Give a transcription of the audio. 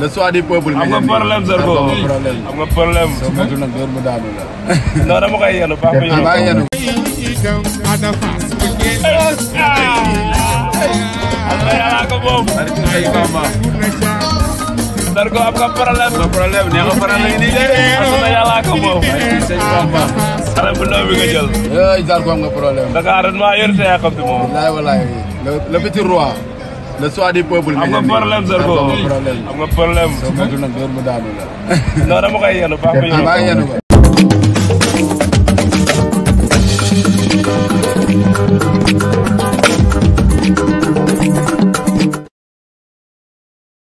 le choix du peuple. am nga problème sër boobu am nga problème. soo moytu nag dóor mu daanu la. non dama koy yenu baax ma yenu. ah. ko moom. Zarko am nga problème. am nga problème nee nga problème nii de. asalaamaaleykum yàllaa ko moom. sëñ Bamba. xale bu ndaw bi nga jël. yooyu Zarko am nga problème. Dakar maa yor sa yaakaar moom. walaay walaay le petit roi. le choix du peuple. am nga problème sër boobu am nga problème. soo moytuwul nag loolu mu daanu la. non dama koy yenu baax na.